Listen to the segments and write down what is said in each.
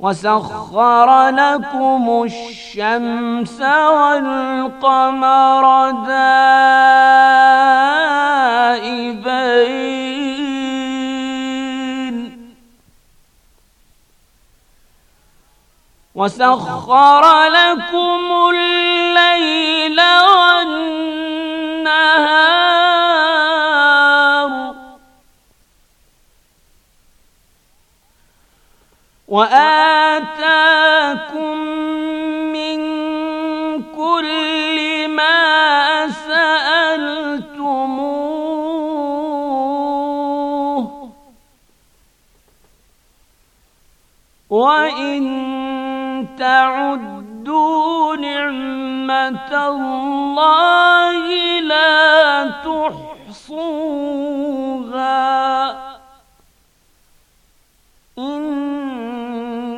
وسخر لكم الشمس والقمر دائبين وسخر لكم الليل والنهار وآتاكم من كل ما سألتموه وإن تعدوا نعمة الله لا تحصوها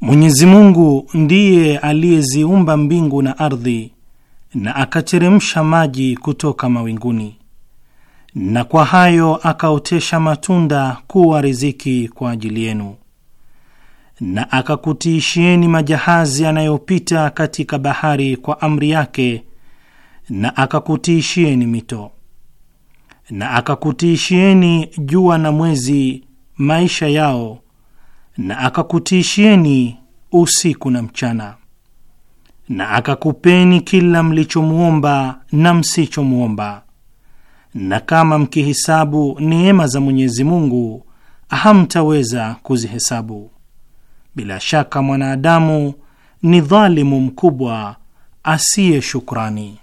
Mwenyezi Mungu ndiye aliyeziumba mbingu na ardhi na akateremsha maji kutoka mawinguni na kwa hayo akaotesha matunda kuwa riziki kwa ajili yenu na akakutiishieni majahazi yanayopita katika bahari kwa amri yake na akakutiishieni mito na akakutiishieni jua na mwezi maisha yao na akakutiishieni usiku na mchana, na akakupeni kila mlichomwomba na msichomwomba, na kama mkihisabu neema za Mwenyezi Mungu hamtaweza kuzihesabu. Bila shaka mwanadamu ni dhalimu mkubwa asiye shukrani.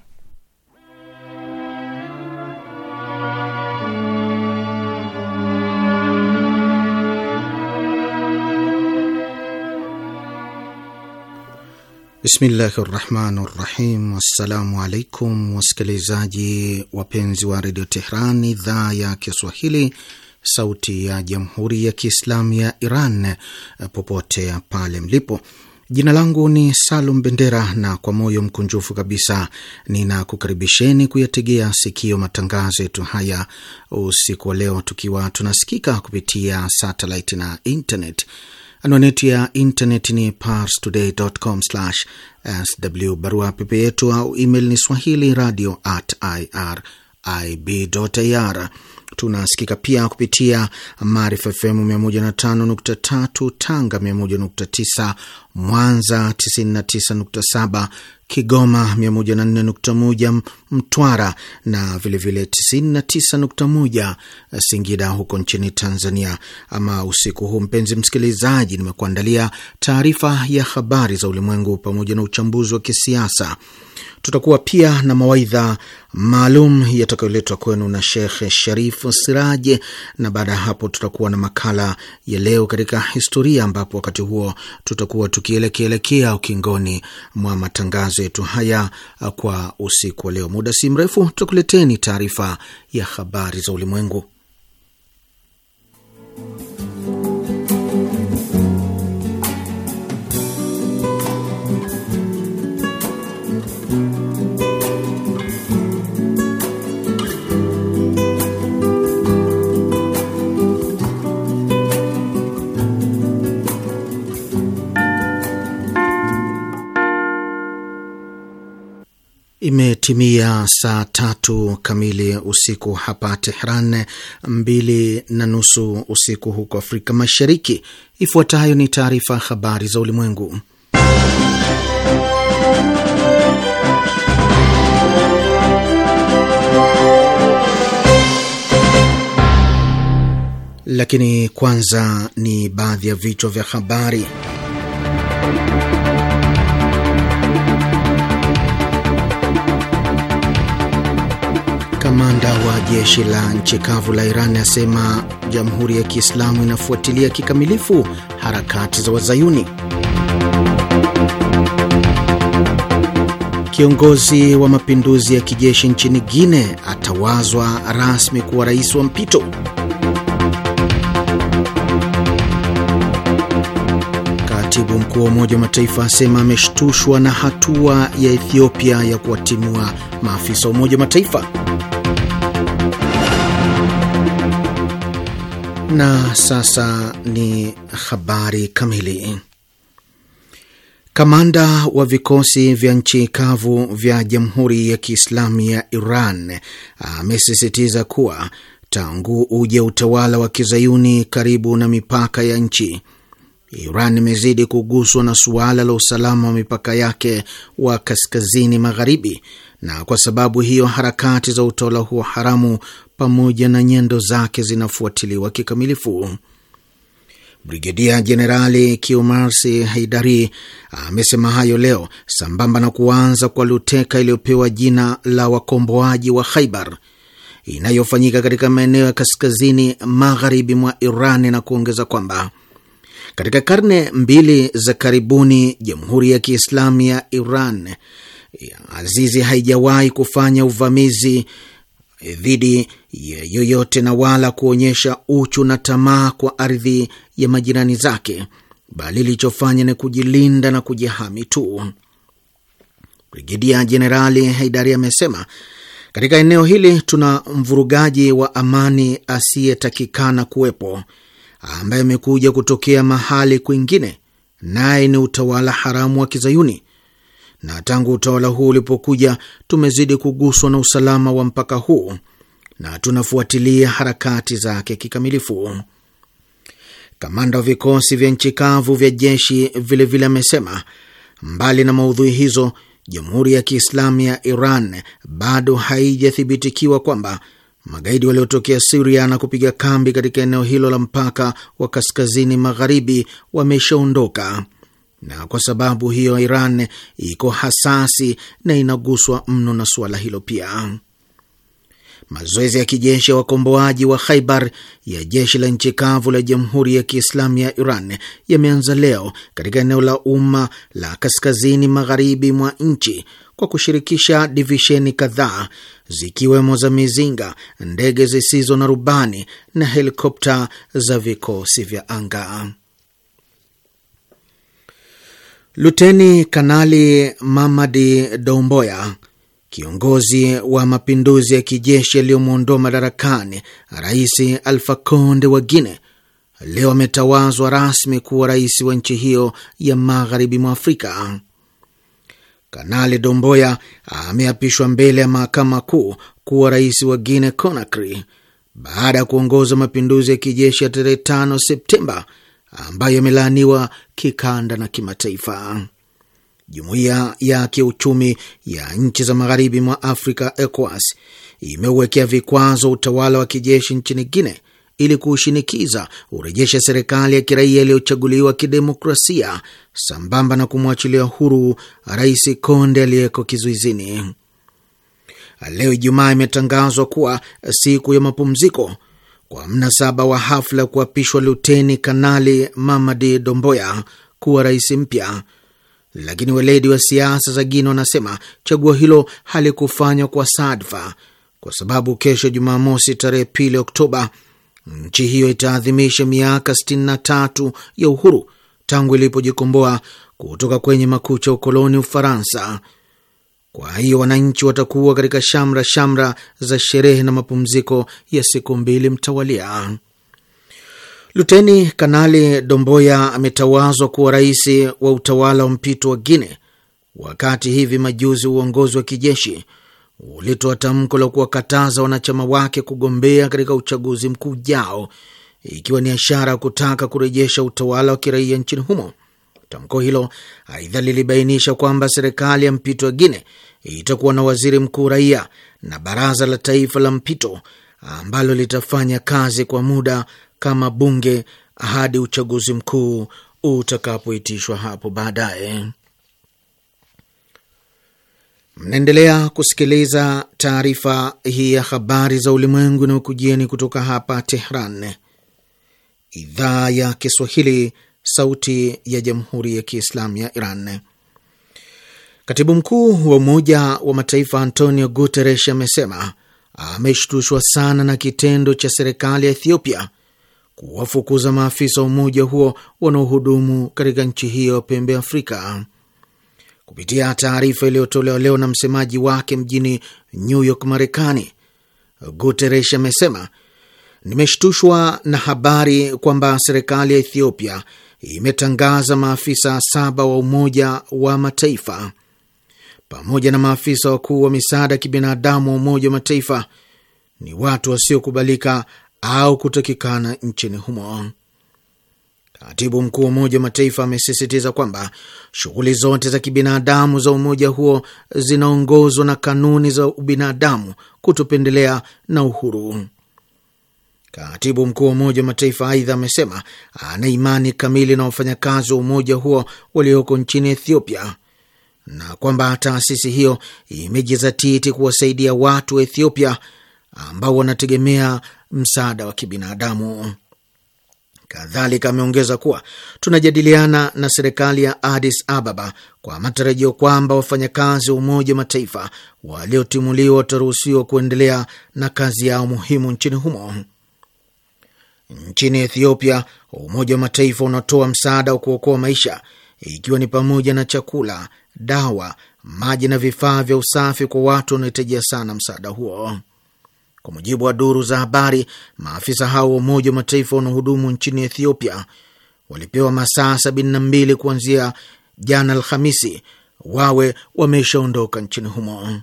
Bismillahi rahmani rahim. Wassalamu alaikum wasikilizaji wapenzi wa redio Tehran, idhaa ya Kiswahili, sauti ya jamhuri ya kiislamu ya Iran, popote pale mlipo. Jina langu ni Salum Bendera na kwa moyo mkunjufu kabisa ninakukaribisheni kuyategea sikio matangazo yetu haya usiku wa leo, tukiwa tunasikika kupitia satellite na internet. Anwani ya intaneti ni parstoday.com/sw. Barua pepe yetu au email ni swahili radio@irib.ir. Tunasikika pia kupitia Maarifa FM 105.3 Tanga, 101.9 Mwanza, 99.7 Kigoma 104.1 Mtwara na vilevile 99.1 Singida huko nchini Tanzania. Ama usiku huu, mpenzi msikilizaji, nimekuandalia taarifa ya habari za ulimwengu pamoja na uchambuzi wa kisiasa Tutakuwa pia na mawaidha maalum yatakayoletwa kwenu na Shekh Sharifu Siraje, na baada ya hapo tutakuwa na makala ya leo katika historia, ambapo wakati huo tutakuwa tukielekeelekea ukingoni mwa matangazo yetu haya kwa usiku wa leo. Muda si mrefu tutakuleteni taarifa ya habari za ulimwengu. Imetimia saa tatu kamili usiku hapa Tehran, mbili na nusu usiku huko Afrika Mashariki. Ifuatayo ni taarifa habari za ulimwengu, lakini kwanza ni baadhi ya vichwa vya habari. wa jeshi la nchi kavu la Iran asema jamhuri ya Kiislamu inafuatilia kikamilifu harakati za Wazayuni. Kiongozi wa mapinduzi ya kijeshi nchini Guine atawazwa rasmi kuwa rais wa mpito. Katibu mkuu wa Umoja wa Mataifa asema ameshtushwa na hatua ya Ethiopia ya kuwatimua maafisa wa Umoja wa Mataifa. Na sasa ni habari kamili. Kamanda wa vikosi vya nchi kavu vya Jamhuri ya Kiislamu ya Iran amesisitiza kuwa tangu uje utawala wa kizayuni karibu na mipaka ya nchi, Iran imezidi kuguswa na suala la usalama wa mipaka yake wa kaskazini magharibi na kwa sababu hiyo harakati za utawala huo haramu pamoja na nyendo zake zinafuatiliwa kikamilifu. Brigedia Jenerali Kiumarsi Haidari amesema hayo leo sambamba na kuanza kwa luteka iliyopewa jina la wakomboaji wa Khaibar inayofanyika katika maeneo ya kaskazini magharibi mwa Iran na kuongeza kwamba katika karne mbili za karibuni Jamhuri ya Kiislamu ya Iran Azizi haijawahi kufanya uvamizi eh, dhidi ya yoyote na wala kuonyesha uchu na tamaa kwa ardhi ya majirani zake, bali ilichofanya ni kujilinda na kujihami tu. Brigedia Jenerali Haidari amesema katika eneo hili tuna mvurugaji wa amani asiyetakikana kuwepo, ambaye amekuja kutokea mahali kwingine, naye ni utawala haramu wa Kizayuni na tangu utawala huu ulipokuja tumezidi kuguswa na usalama wa mpaka huu na tunafuatilia harakati zake kikamilifu. Kamanda wa vikosi vya nchi kavu vya jeshi vilevile amesema vile, mbali na maudhui hizo, Jamhuri ya Kiislamu ya Iran bado haijathibitikiwa kwamba magaidi waliotokea Siria na kupiga kambi katika eneo hilo la mpaka wa kaskazini magharibi wameshaondoka na kwa sababu hiyo Iran iko hasasi na inaguswa mno na suala hilo. Pia mazoezi ya kijeshi ya wakomboaji wa Khaibar ya jeshi la nchi kavu la Jamhuri ya Kiislamu ya Iran yameanza leo katika eneo la umma la kaskazini magharibi mwa nchi kwa kushirikisha divisheni kadhaa zikiwemo za mizinga, ndege zisizo na rubani na helikopta za vikosi vya anga. Luteni Kanali Mamadi Domboya, kiongozi wa mapinduzi ya kijeshi yaliyomwondoa madarakani Rais Alfa Konde wa Guine, leo ametawazwa rasmi kuwa rais wa nchi hiyo ya magharibi mwa Afrika. Kanali Domboya ameapishwa mbele ya mahakama kuu kuwa rais wa Guine Conakry baada ya kuongoza mapinduzi ya kijeshi ya tarehe 5 Septemba ambayo yamelaaniwa kikanda na kimataifa. Jumuiya ya Kiuchumi ya Nchi za Magharibi mwa Afrika, ECOWAS, imeuwekea vikwazo utawala wa kijeshi nchini Guine ili kuushinikiza urejeshe serikali ya kiraia iliyochaguliwa kidemokrasia sambamba na kumwachilia huru Rais Konde aliyeko kizuizini. Leo Ijumaa imetangazwa kuwa siku ya mapumziko kwa mnasaba wa hafla ya kuapishwa Luteni Kanali Mamadi Domboya kuwa rais mpya, lakini weledi wa siasa za Guinea wanasema chaguo hilo halikufanywa kwa sadfa, kwa sababu kesho Jumamosi tarehe pili Oktoba nchi hiyo itaadhimisha miaka 63 ya uhuru tangu ilipojikomboa kutoka kwenye makucha ukoloni Ufaransa. Kwa hiyo wananchi watakuwa katika shamra shamra za sherehe na mapumziko ya siku mbili mtawalia. Luteni Kanali Domboya ametawazwa kuwa rais wa utawala wa mpito wa Guine, wakati hivi majuzi uongozi wa kijeshi ulitoa tamko la kuwakataza wanachama wake kugombea katika uchaguzi mkuu ujao, ikiwa ni ishara ya kutaka kurejesha utawala wa kiraia nchini humo. Tamko hilo aidha lilibainisha kwamba serikali ya mpito wa Guine itakuwa na waziri mkuu raia na baraza la taifa la mpito ambalo litafanya kazi kwa muda kama bunge hadi uchaguzi mkuu utakapoitishwa hapo baadaye. Mnaendelea kusikiliza taarifa hii ya habari za ulimwengu inayokujieni kutoka hapa Tehran, idhaa ya Kiswahili, sauti ya jamhuri ya kiislamu ya Iran. Katibu mkuu wa Umoja wa Mataifa Antonio Guterres amesema ameshtushwa sana na kitendo cha serikali ya Ethiopia kuwafukuza maafisa wa umoja huo wanaohudumu katika nchi hiyo ya pembe Afrika. Kupitia taarifa iliyotolewa leo na msemaji wake mjini New York, Marekani, Guterres amesema nimeshtushwa na habari kwamba serikali ya Ethiopia imetangaza maafisa saba wa Umoja wa Mataifa pamoja na maafisa wakuu wa misaada ya kibinadamu wa Umoja wa Mataifa ni watu wasiokubalika au kutakikana nchini humo. Katibu mkuu wa Umoja wa Mataifa amesisitiza kwamba shughuli zote za kibinadamu za umoja huo zinaongozwa na kanuni za ubinadamu, kutopendelea na uhuru. Katibu mkuu wa Umoja wa Mataifa aidha amesema ana imani kamili na wafanyakazi wa umoja huo walioko nchini Ethiopia na kwamba taasisi hiyo imejizatiti kuwasaidia watu wa Ethiopia ambao wanategemea msaada wa kibinadamu. Kadhalika ameongeza kuwa tunajadiliana na serikali ya Addis Ababa kwa matarajio kwamba wafanyakazi wa Umoja wa Mataifa waliotimuliwa wataruhusiwa kuendelea na kazi yao muhimu nchini humo. Nchini Ethiopia, Umoja wa Mataifa unatoa msaada wa kuokoa maisha, ikiwa ni pamoja na chakula, dawa, maji na vifaa vya usafi kwa watu wanaohitajia sana msaada huo. Kwa mujibu wa duru za habari, maafisa hao wa Umoja wa Mataifa wanaohudumu nchini Ethiopia walipewa masaa sabini na mbili kuanzia jana Alhamisi wawe wameshaondoka nchini humo.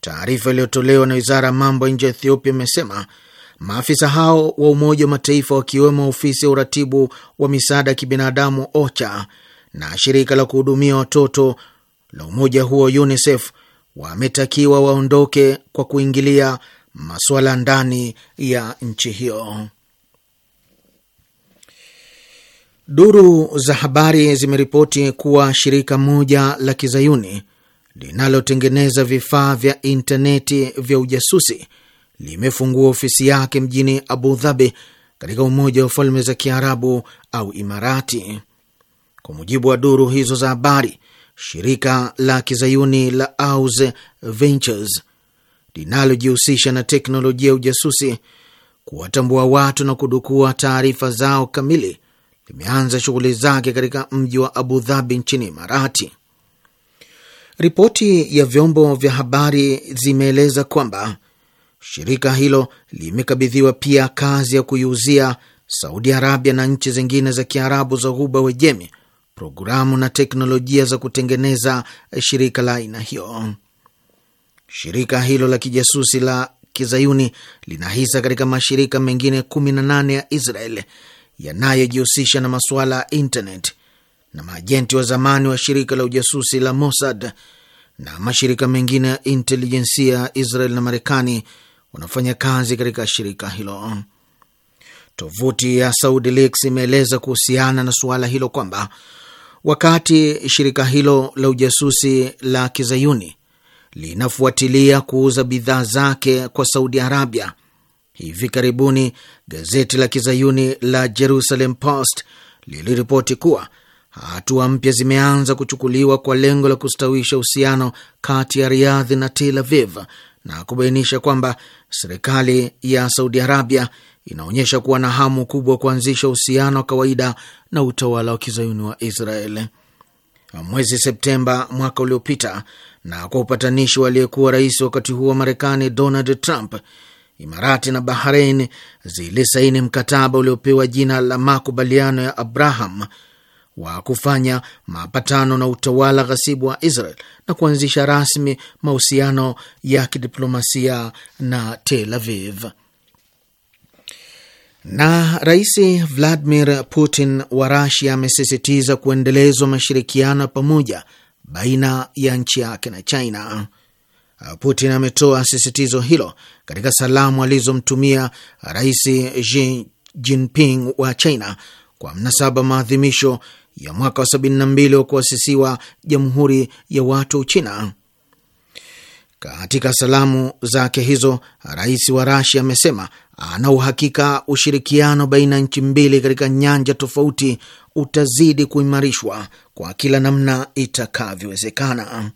Taarifa iliyotolewa na wizara ya mambo ya nje ya Ethiopia imesema maafisa hao wa Umoja wa Mataifa wakiwemo ofisi ya uratibu wa misaada ya kibinadamu OCHA na shirika la kuhudumia watoto la umoja huo UNICEF wametakiwa waondoke kwa kuingilia masuala ndani ya nchi hiyo. Duru za habari zimeripoti kuwa shirika moja la kizayuni linalotengeneza vifaa vya intaneti vya ujasusi limefungua ofisi yake mjini Abu Dhabi katika Umoja wa Falme za Kiarabu au Imarati. Kwa mujibu wa duru hizo za habari, shirika la kizayuni la Aus Ventures linalojihusisha na teknolojia ya ujasusi, kuwatambua watu na kudukua taarifa zao kamili limeanza shughuli zake katika mji wa Abu Dhabi nchini Imarati. Ripoti ya vyombo vya habari zimeeleza kwamba shirika hilo limekabidhiwa pia kazi ya kuiuzia Saudi Arabia na nchi zingine za Kiarabu za Ghuba Wejemi programu na teknolojia za kutengeneza shirika la aina hiyo. Shirika hilo la kijasusi la kizayuni lina hisa katika mashirika mengine 18 ya Israel yanayojihusisha na masuala ya internet na maajenti wa zamani wa shirika la ujasusi la Mossad na mashirika mengine ya intelijensia ya Israel na Marekani wanafanya kazi katika shirika hilo. Tovuti ya Saudi Leaks imeeleza kuhusiana na suala hilo kwamba wakati shirika hilo la ujasusi la kizayuni linafuatilia kuuza bidhaa zake kwa Saudi Arabia. Hivi karibuni gazeti la kizayuni la Jerusalem Post liliripoti kuwa hatua mpya zimeanza kuchukuliwa kwa lengo la kustawisha uhusiano kati ya riadhi na Tel Aviv na kubainisha kwamba serikali ya Saudi Arabia inaonyesha kuwa na hamu kubwa kuanzisha uhusiano wa kawaida na utawala wa kizayuni wa Israel. Mwezi Septemba mwaka uliopita, na kwa upatanishi wa aliyekuwa rais wakati huo wa Marekani Donald Trump, Imarati na Bahrain zilisaini mkataba uliopewa jina la makubaliano ya Abraham wa kufanya mapatano na utawala ghasibu wa Israel na kuanzisha rasmi mahusiano ya kidiplomasia na Tel Aviv. Na Rais Vladimir Putin wa Rasia amesisitiza kuendelezwa mashirikiano ya pamoja baina ya nchi yake na China. Putin ametoa sisitizo hilo katika salamu alizomtumia Rais Xi Jinping wa China kwa mnasaba maadhimisho ya mwaka wa 72 wa kuasisiwa Jamhuri ya Watu china Katika salamu zake hizo, rais wa Rasia amesema ana uhakika ushirikiano baina ya nchi mbili katika nyanja tofauti utazidi kuimarishwa kwa kila namna itakavyowezekana.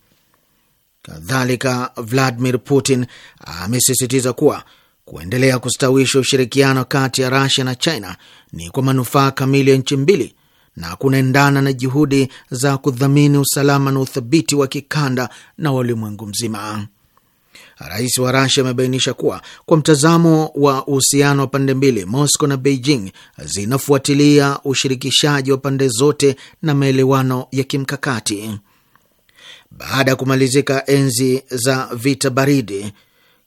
Kadhalika, Vladimir Putin amesisitiza kuwa kuendelea kustawisha ushirikiano kati ya rasia na China ni kwa manufaa kamili ya nchi mbili na kunaendana na juhudi za kudhamini usalama na uthabiti wa kikanda na walimwengu mzima. Rais wa Rasia amebainisha kuwa kwa mtazamo wa uhusiano wa pande mbili, Moscow na Beijing zinafuatilia ushirikishaji wa pande zote na maelewano ya kimkakati. Baada ya kumalizika enzi za vita baridi,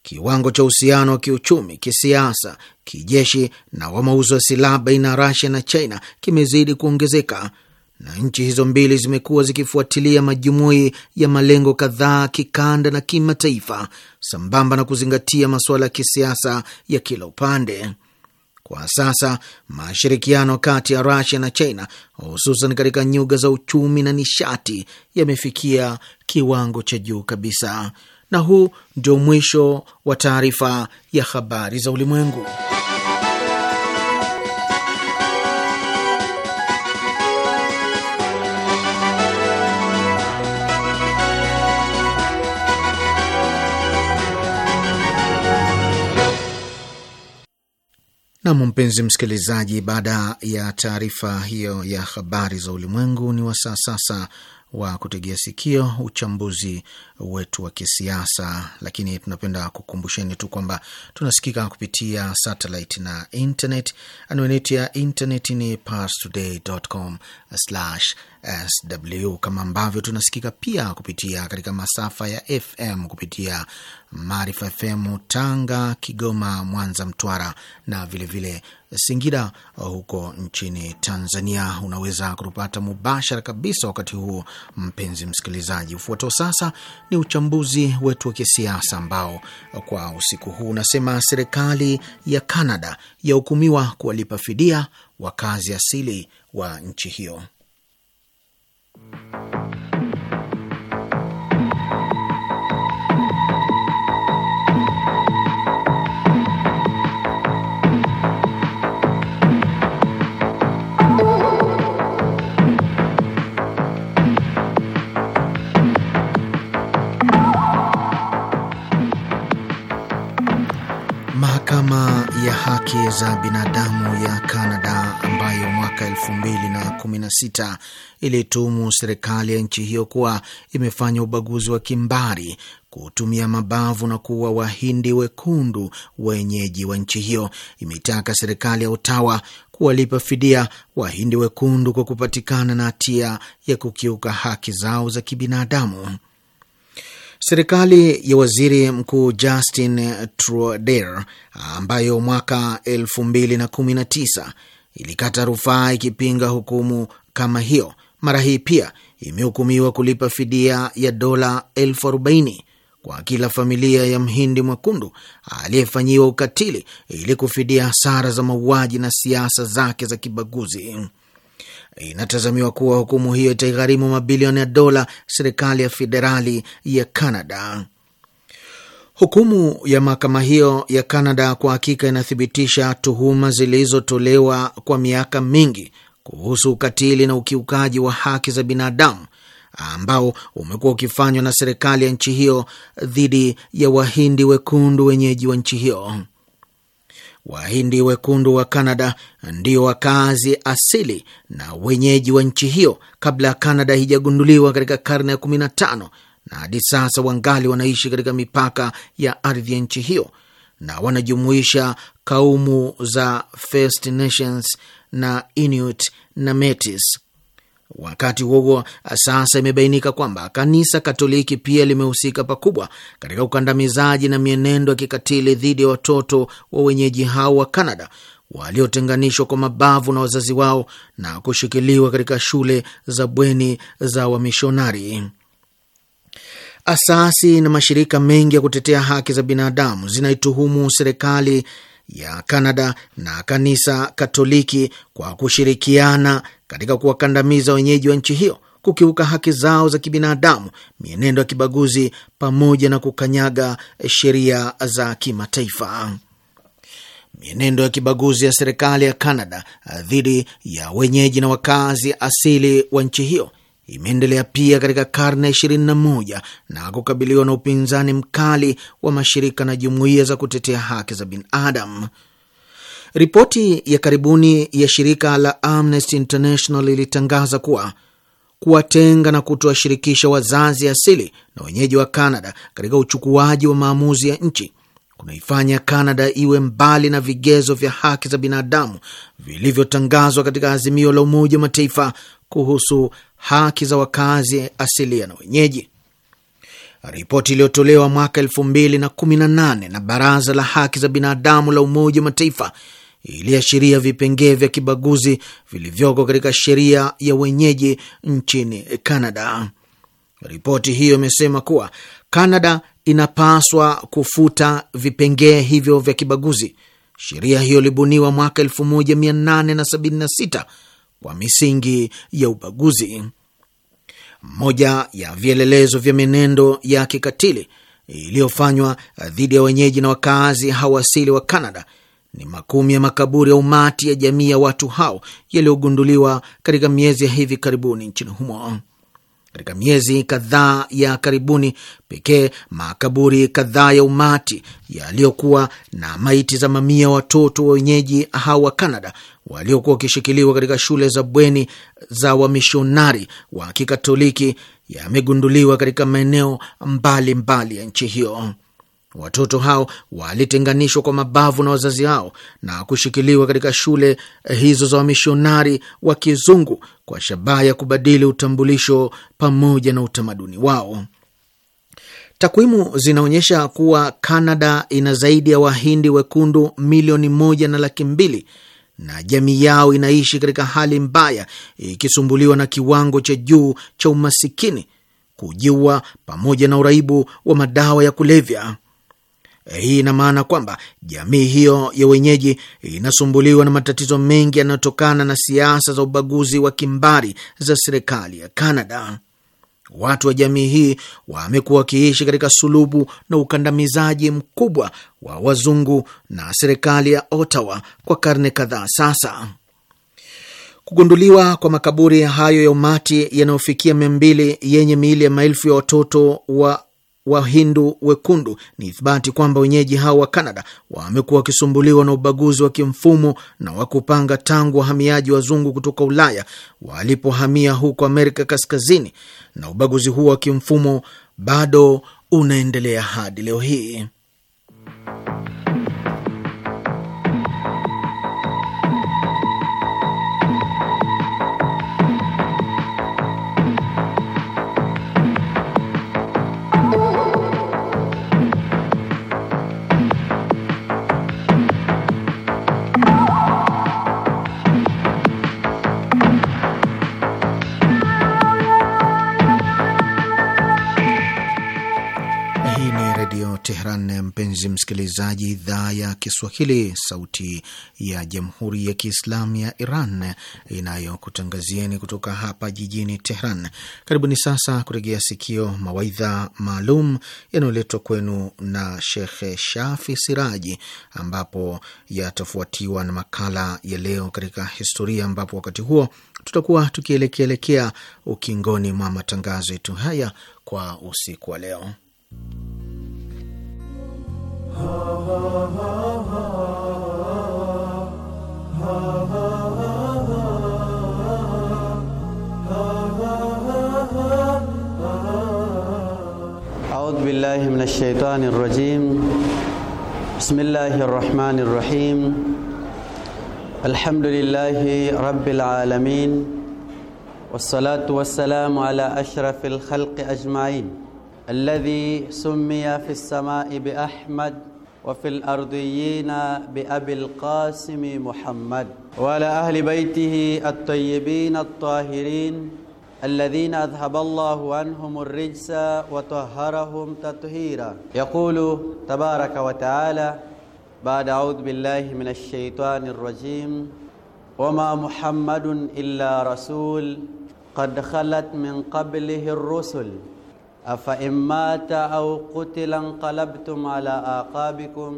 kiwango cha uhusiano wa kiuchumi, kisiasa, kijeshi na wa mauzo ya silaha baina ya Rasia na China kimezidi kuongezeka na nchi hizo mbili zimekuwa zikifuatilia majumui ya malengo kadhaa kikanda na kimataifa, sambamba na kuzingatia masuala ya kisiasa ya kila upande. Kwa sasa mashirikiano kati ya rusia na China, hususan katika nyuga za uchumi na nishati, yamefikia kiwango cha juu kabisa. Na huu ndio mwisho wa taarifa ya habari za ulimwengu. Nam, mpenzi msikilizaji, baada ya taarifa hiyo ya habari za ulimwengu, ni wasaa sasa wa kutegea sikio uchambuzi wetu wa kisiasa, lakini tunapenda kukumbusheni tu kwamba tunasikika kupitia satellite na internet. Anwani ya internet ni parstoday.com SW kama ambavyo tunasikika pia kupitia katika masafa ya FM kupitia Maarifa FM Tanga, Kigoma, Mwanza, Mtwara na vilevile vile Singida huko nchini Tanzania. Unaweza kutupata mubashara kabisa wakati huo, mpenzi msikilizaji. Ufuatao sasa ni uchambuzi wetu wa kisiasa ambao kwa usiku huu unasema serikali ya canada yahukumiwa kuwalipa fidia wakazi asili wa nchi hiyo. Mahakama ya haki za binadamu ya canada ambayo mwaka elfu mbili na kumi na sita ilituhumu serikali ya nchi hiyo kuwa imefanya ubaguzi wa kimbari, kutumia mabavu na kuwa Wahindi wekundu wenyeji wa nchi hiyo. Imeitaka serikali ya utawa kuwalipa fidia Wahindi wekundu kwa kupatikana na hatia ya kukiuka haki zao za kibinadamu. Serikali ya waziri mkuu Justin Trudeau ambayo mwaka elfu mbili na kumi na tisa ilikata rufaa ikipinga hukumu kama hiyo. Mara hii pia imehukumiwa kulipa fidia ya dola elfu arobaini kwa kila familia ya mhindi mwekundu aliyefanyiwa ukatili ili kufidia hasara za mauaji na siasa zake za kibaguzi. Inatazamiwa kuwa hukumu hiyo itaigharimu mabilioni ya dola serikali ya federali ya Kanada. Hukumu ya mahakama hiyo ya Kanada kwa hakika inathibitisha tuhuma zilizotolewa kwa miaka mingi kuhusu ukatili na ukiukaji wa haki za binadamu ambao umekuwa ukifanywa na serikali ya nchi hiyo dhidi ya Wahindi wekundu wenyeji wa nchi hiyo. Wahindi wekundu wa Kanada ndio wakazi asili na wenyeji wa nchi hiyo kabla ya Kanada haijagunduliwa katika karne ya 15 na hadi sasa wangali wanaishi katika mipaka ya ardhi ya nchi hiyo na wanajumuisha kaumu za First Nations na Inuit na Metis. Wakati huo sasa, imebainika kwamba kanisa Katoliki pia limehusika pakubwa katika ukandamizaji na mienendo ya kikatili dhidi ya watoto wa wenyeji hao wa canada waliotenganishwa kwa mabavu na wazazi wao na kushikiliwa katika shule za bweni za wamishonari. Asasi na mashirika mengi ya kutetea haki za binadamu zinaituhumu serikali ya Kanada na kanisa Katoliki kwa kushirikiana katika kuwakandamiza wenyeji wa nchi hiyo, kukiuka haki zao za kibinadamu, mienendo ya kibaguzi, pamoja na kukanyaga sheria za kimataifa. Mienendo ya kibaguzi ya serikali ya Kanada dhidi ya wenyeji na wakazi asili wa nchi hiyo imeendelea pia katika karne ya 21 na kukabiliwa na upinzani mkali wa mashirika na jumuiya za kutetea haki za binadamu. Ripoti ya karibuni ya shirika la Amnesty International ilitangaza kuwa kuwatenga na kutowashirikisha wazazi asili na wenyeji wa canada katika uchukuaji wa maamuzi ya nchi kunaifanya Canada iwe mbali na vigezo vya haki za binadamu vilivyotangazwa katika azimio la Umoja wa Mataifa kuhusu haki za wakazi asilia na wenyeji. Ripoti iliyotolewa mwaka 218 na na Baraza la Haki za Binadamu la Umoja wa Mataifa iliashiria vipengee vya kibaguzi vilivyoko katika sheria ya wenyeji nchini canada Ripoti hiyo imesema kuwa canada inapaswa kufuta vipengee hivyo vya kibaguzi. Sheria hiyo ilibuniwa mwaka 1876 kwa misingi ya ubaguzi. Moja ya vielelezo vya mienendo ya kikatili iliyofanywa dhidi ya wenyeji na wakazi hawasili wa canada ni makumi ya makaburi ya umati ya jamii ya watu hao yaliyogunduliwa katika miezi ya hivi karibuni nchini humo. Katika miezi kadhaa ya karibuni pekee, makaburi kadhaa ya umati yaliyokuwa na maiti za mamia watoto wa wenyeji hawa canada waliokuwa wakishikiliwa katika shule za bweni za wamishonari wa Kikatoliki yamegunduliwa katika maeneo mbalimbali ya nchi hiyo. Watoto hao walitenganishwa kwa mabavu na wazazi wao na kushikiliwa katika shule hizo za wamishonari wa kizungu kwa shabaha ya kubadili utambulisho pamoja na utamaduni wao. Takwimu zinaonyesha kuwa Kanada ina zaidi ya Wahindi wekundu milioni moja na laki mbili na jamii yao inaishi katika hali mbaya, ikisumbuliwa na kiwango cha juu cha umasikini, kujiua, pamoja na uraibu wa madawa ya kulevya. Eh, hii ina maana kwamba jamii hiyo ya wenyeji inasumbuliwa na matatizo mengi yanayotokana na siasa za ubaguzi wa kimbari za serikali ya Kanada. Watu wa jamii hii wamekuwa wakiishi katika sulubu na ukandamizaji mkubwa wa wazungu na serikali ya Ottawa kwa karne kadhaa sasa. Kugunduliwa kwa makaburi hayo ya umati yanayofikia mia mbili yenye miili ya maelfu ya watoto wa Wahindu wekundu, ni ithibati kwamba wenyeji hao wa Kanada wamekuwa wakisumbuliwa na ubaguzi wa kimfumo na wa kupanga tangu wahamiaji wazungu kutoka Ulaya walipohamia huko Amerika Kaskazini, na ubaguzi huo wa kimfumo bado unaendelea hadi leo hii. Tehran. Mpenzi msikilizaji, idhaa ya Kiswahili, sauti ya jamhuri ya kiislamu ya Iran inayokutangazieni kutoka hapa jijini Tehran. Karibuni sasa kuregea sikio mawaidha maalum yanayoletwa kwenu na Shekhe Shafi Siraji, ambapo yatafuatiwa na makala ya leo katika historia, ambapo wakati huo tutakuwa tukielekeelekea ukingoni mwa matangazo yetu haya kwa usiku wa leo. أعوذ بالله من الشيطان الرجيم بسم الله الرحمن الرحيم الحمد لله رب العالمين والصلاة والسلام على أشرف الخلق أجمعين الذي سمي في السماء بأحمد وفي الأرضيين بأبي القاسم محمد وعلى أهل بيته الطيبين الطاهرين الذين أذهب الله عنهم الرجس وطهرهم تطهيرا يقول تبارك وتعالى بعد أعوذ بالله من الشيطان الرجيم وما محمد إلا رسول قد خلت من قبله الرسل afain mata au qutila nqalabtum ala aqabikum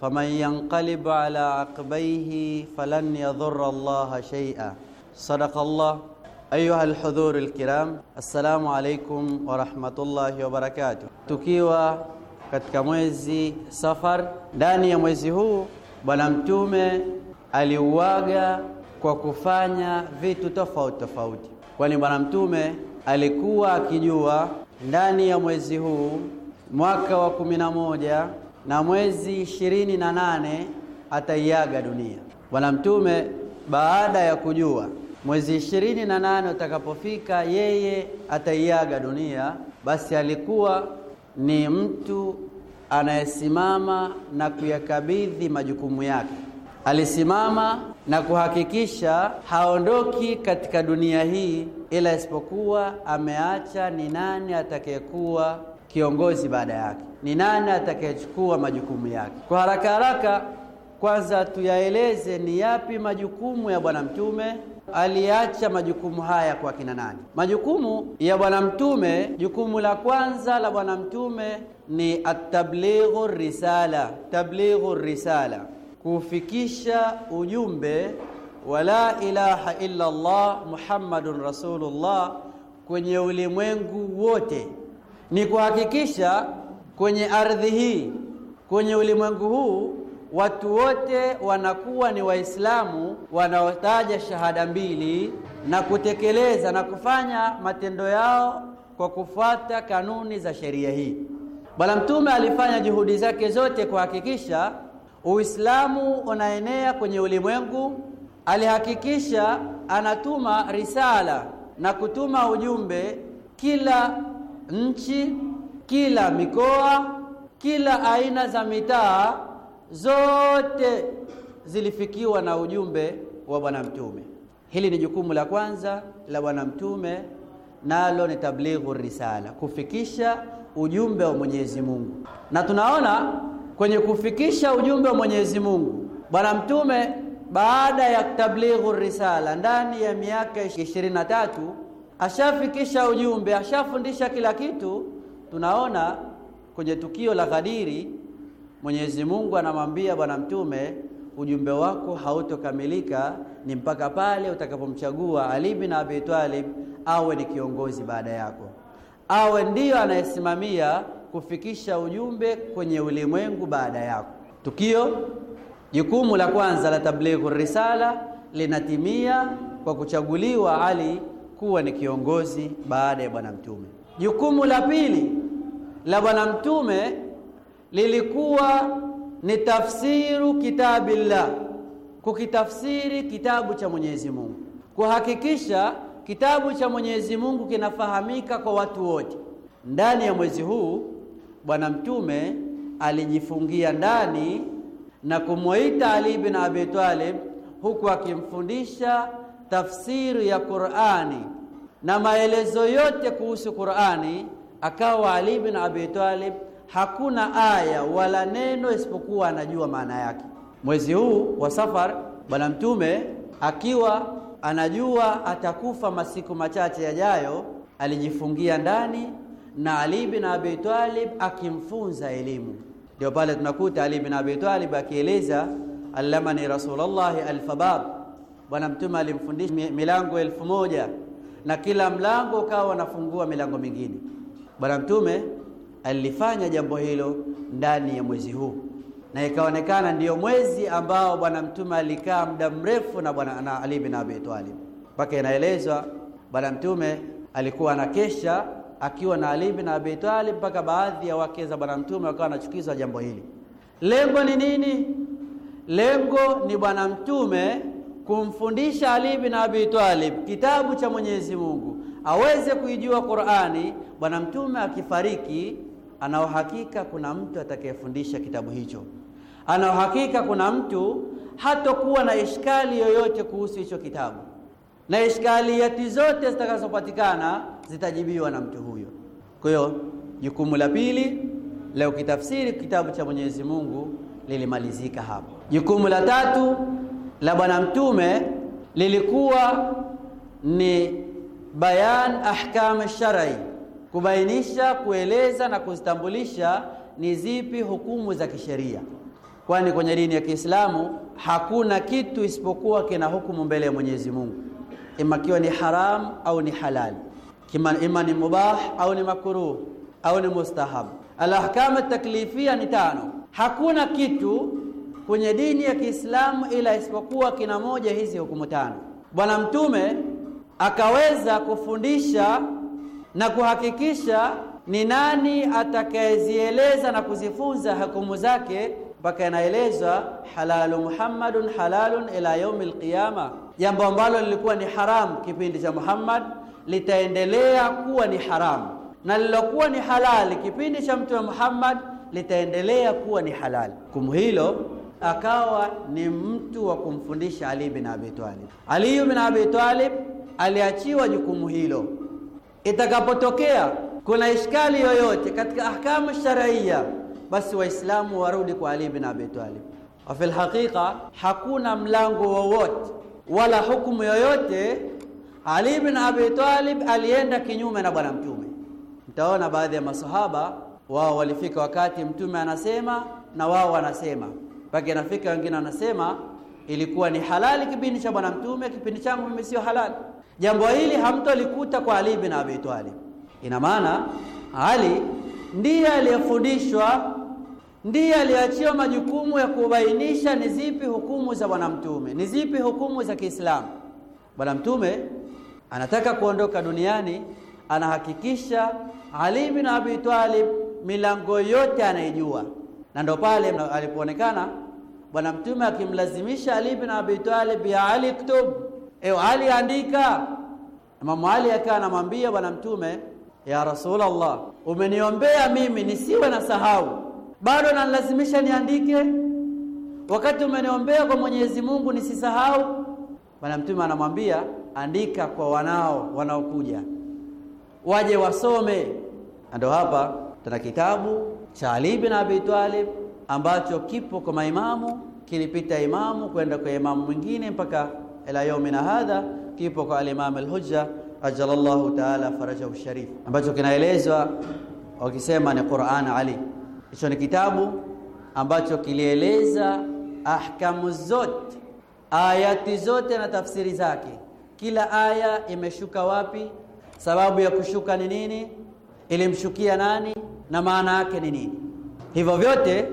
faman yanqalib ala aqbaihi falan yadhurra allaha shaia. Sadaqa llah. Ayuha lhudhuru lkiram, assalamu alaikum warahmatullahi wabarakatuh. Tukiwa katika mwezi Safar, ndani ya mwezi huu Bwana Mtume aliuaga kwa kufanya vitu tofauti tofauti, kwani Bwana Mtume alikuwa akijua ndani ya mwezi huu mwaka wa kumi na moja na mwezi ishirini na nane ataiaga dunia. Bwana Mtume baada ya kujua mwezi ishirini na nane utakapofika yeye ataiaga dunia, basi alikuwa ni mtu anayesimama na kuyakabidhi majukumu yake. Alisimama na kuhakikisha haondoki katika dunia hii ila isipokuwa ameacha ni nani atakayekuwa kiongozi baada yake, ni nani atakayechukua majukumu yake. Kwa haraka haraka, kwanza tuyaeleze ni yapi majukumu ya Bwana Mtume. Aliacha majukumu haya kwa kina nani? Majukumu ya Bwana Mtume, jukumu la kwanza la Bwana Mtume ni atablighu risala, tablighu risala, kufikisha ujumbe wa la ilaha illa Allah Muhammadun Rasulullah kwenye ulimwengu wote ni kuhakikisha kwenye ardhi hii, kwenye ulimwengu huu watu wote wanakuwa ni Waislamu wanaotaja shahada mbili na kutekeleza na kufanya matendo yao kwa kufuata kanuni za sheria hii. Bwana Mtume alifanya juhudi zake zote kuhakikisha Uislamu unaenea kwenye ulimwengu alihakikisha anatuma risala na kutuma ujumbe kila nchi, kila mikoa, kila aina za mitaa zote zilifikiwa na ujumbe wa Bwana Mtume. Hili ni jukumu la kwanza la Bwana Mtume, nalo ni tablighu risala, kufikisha ujumbe wa Mwenyezi Mungu. Na tunaona kwenye kufikisha ujumbe wa Mwenyezi Mungu Bwana Mtume baada ya tablighu risala ndani ya miaka ishirini na tatu ashafikisha ujumbe, ashafundisha kila kitu. Tunaona kwenye tukio la Ghadiri, Mwenyezi Mungu anamwambia Bwana Mtume, ujumbe wako hautokamilika ni mpaka pale utakapomchagua Ali bin Abi Talib awe ni kiongozi baada yako, awe ndiyo anayesimamia kufikisha ujumbe kwenye ulimwengu baada yako. Tukio Jukumu la kwanza la tablighu risala linatimia kwa kuchaguliwa Ali kuwa ni kiongozi baada ya bwana mtume. Jukumu la pili la bwana mtume lilikuwa ni tafsiru kitabillah, kukitafsiri kitabu cha Mwenyezi Mungu, kuhakikisha kitabu cha Mwenyezi Mungu kinafahamika kwa watu wote. Ndani ya mwezi huu bwana mtume alijifungia ndani na kumwita Ali bin Abi Talib huku akimfundisha tafsiri ya Qur'ani na maelezo yote kuhusu Qur'ani. Akawa Ali bin Abi Talib hakuna aya wala neno isipokuwa anajua maana yake. Mwezi huu wa Safar, Bwana Mtume akiwa anajua atakufa masiku machache yajayo, alijifungia ndani na Ali bin Abi Talib akimfunza elimu ndio pale tunakuta Ali bin Abi Talib akieleza allamani rasulullahi alfabab Bwana Mtume alimfundisha milango elfu moja na kila mlango ukawa unafungua milango mingine. Bwana Mtume alifanya jambo hilo ndani ya mwezi huu, na ikaonekana ndiyo mwezi ambao Bwana Mtume alikaa muda mrefu na bwana na Ali bin Abi Talib, mpaka inaelezwa Bwana Mtume alikuwa anakesha akiwa na Ali bin Abi Talib mpaka baadhi ya wake za Bwana Mtume wakawa wanachukizwa jambo hili. Lengo ni nini? Lengo ni Bwana Mtume kumfundisha Ali bin Abi Talib kitabu cha Mwenyezi Mungu aweze kuijua Qur'ani. Bwana Mtume akifariki, ana uhakika kuna mtu atakayefundisha kitabu hicho, ana uhakika kuna mtu hatokuwa na ishkali yoyote kuhusu hicho kitabu na ishkaliati zote zitakazopatikana zitajibiwa na mtu huyo. Kwa hiyo jukumu la pili leo kitafsiri kitabu cha Mwenyezi Mungu lilimalizika hapo. Jukumu la tatu la Bwana Mtume lilikuwa ni bayan ahkam shar'i, kubainisha, kueleza na kuzitambulisha ni zipi hukumu za kisheria, kwani kwenye dini ya Kiislamu hakuna kitu isipokuwa kina hukumu mbele ya Mwenyezi Mungu ima kiwa ni haram au ni halali, kima ima ni mubah au ni makruh au ni mustahab. Alahkamu taklifia ni tano. Hakuna kitu kwenye dini ya Kiislamu ila isipokuwa kina moja hizi hukumu tano. Bwana Mtume akaweza kufundisha na kuhakikisha ni nani atakayezieleza na kuzifunza hukumu zake mpaka yanaelezwa halalu muhammadun halalun ila yaumil qiyama jambo ambalo lilikuwa ni haramu kipindi cha Muhammad litaendelea kuwa ni haramu, na lilokuwa ni halali kipindi cha Mtume Muhammad litaendelea kuwa ni halali. Hukumu hilo akawa ni mtu wa kumfundisha Ali bin Abi Talib. Ali bin Abi Talib aliachiwa jukumu hilo. Itakapotokea kuna ishkali yoyote katika ahkamu sharaiya basi Waislamu warudi kwa Ali bin Abi Talib. Wa fil haqiqa, hakuna mlango wowote wala hukumu yoyote. Ali ibn Abi Talib alienda kinyume na bwana mtume. Mtaona baadhi ya masahaba wao walifika wakati mtume anasema na wao wanasema, mpaka inafika wengine wanasema ilikuwa ni halali kipindi cha bwana mtume, kipindi changu mimi sio halali. Jambo hili hamtolikuta kwa Ali ibn Abi Talib. Ina maana Ali ndiye aliyefundishwa ndiye aliachiwa majukumu ya kubainisha ni zipi hukumu za Bwana Mtume, ni zipi hukumu za Kiislamu. Bwana Mtume anataka kuondoka duniani, anahakikisha Ali bin Abi Talib milango yote anaijua, na ndo pale alipoonekana Bwana Mtume akimlazimisha Ali bin Abi Talib, ya Ali ktub, e Ali andika. Imamu Ali akawa anamwambia Bwana Mtume, ya Rasulullah, umeniombea mimi nisiwe na sahau bado nalazimisha niandike, wakati umeniombea kwa Mwenyezi Mungu nisisahau. Bwana Mtume anamwambia andika kwa wanao wanaokuja waje wasome. Ndio hapa tuna kitabu cha Ali bin Abi Talib ambacho kipo kwa maimamu, kilipita imamu kwenda kwa imamu mwingine mpaka ila yaumina hadha, kipo kwa al-Imam al-Hujja ajalallahu taala farajahu sharif, ambacho kinaelezwa wakisema ni Qur'an Ali Hicho ni kitabu ambacho kilieleza ahkamu zote, ayati zote na tafsiri zake. Kila aya imeshuka wapi, sababu ya kushuka ni nini, ilimshukia nani na maana yake ni nini. Hivyo vyote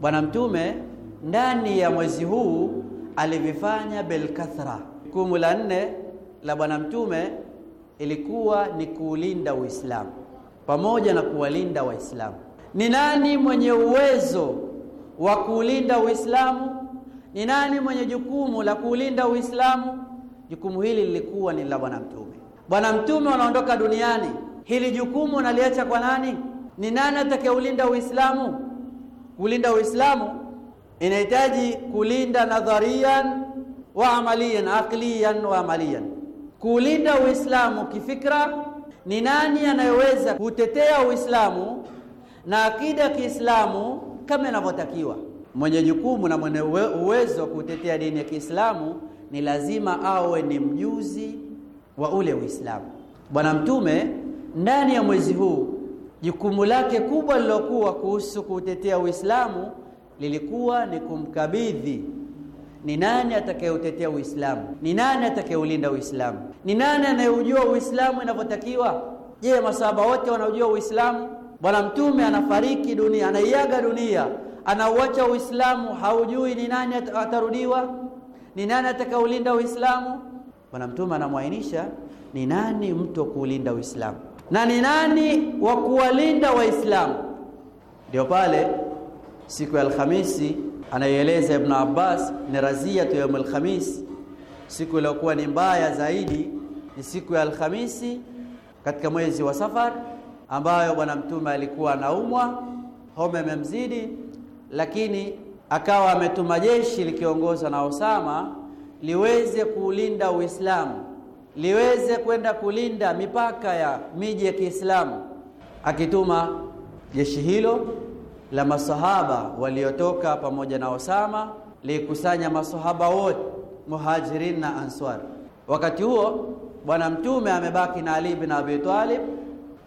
Bwana Mtume ndani ya mwezi huu alivifanya belkathra. Jukumu la nne la Bwana Mtume ilikuwa ni kuulinda Uislamu pamoja na kuwalinda Waislamu. Ni nani mwenye uwezo wa kuulinda Uislamu? Ni nani mwenye jukumu la kuulinda Uislamu? Jukumu hili lilikuwa ni la Bwana Mtume. Bwana Mtume wanaondoka duniani, hili jukumu naliacha kwa nani? Ni nani atakayeulinda Uislamu? Kulinda Uislamu inahitaji kulinda nadharian wa amalian, aqliyan wa amalian. Kuulinda Uislamu kifikra, ni nani anayeweza kutetea Uislamu na akida ya Kiislamu kama inavyotakiwa. Mwenye jukumu na mwenye uwezo wa kutetea dini ya Kiislamu ni lazima awe ni mjuzi wa ule Uislamu. Bwana Mtume ndani ya mwezi huu jukumu lake kubwa lilokuwa kuhusu kuutetea Uislamu lilikuwa ni kumkabidhi ni nani atakayeutetea Uislamu, ni nani atakayeulinda Uislamu, ni nani anayeujua Uislamu inavyotakiwa. Je, masahaba wote wanaojua Uislamu? Bwana Mtume anafariki dunia, anaiaga dunia, anauacha Uislamu, haujui ni nani atarudiwa, ni nani atakaulinda Uislamu. Bwana Mtume anamwainisha ni nani mtu wa kuulinda Uislamu na ni nani wa kuwalinda Waislamu. Ndio pale siku ya Alhamisi anaieleza Ibn Abbas ni razia tu yaumul siku iliyokuwa ni mbaya zaidi ni siku ya Alhamisi katika mwezi wa Safar ambayo bwana mtume alikuwa anaumwa, homa imemzidi, lakini akawa ametuma jeshi likiongozwa na Osama liweze kuulinda Uislamu, liweze kwenda kulinda mipaka ya miji ya Kiislamu, akituma jeshi hilo la masahaba waliotoka pamoja na Osama likusanya masahaba wote muhajirin na answar. Wakati huo bwana mtume amebaki na Ali bin Abi Talib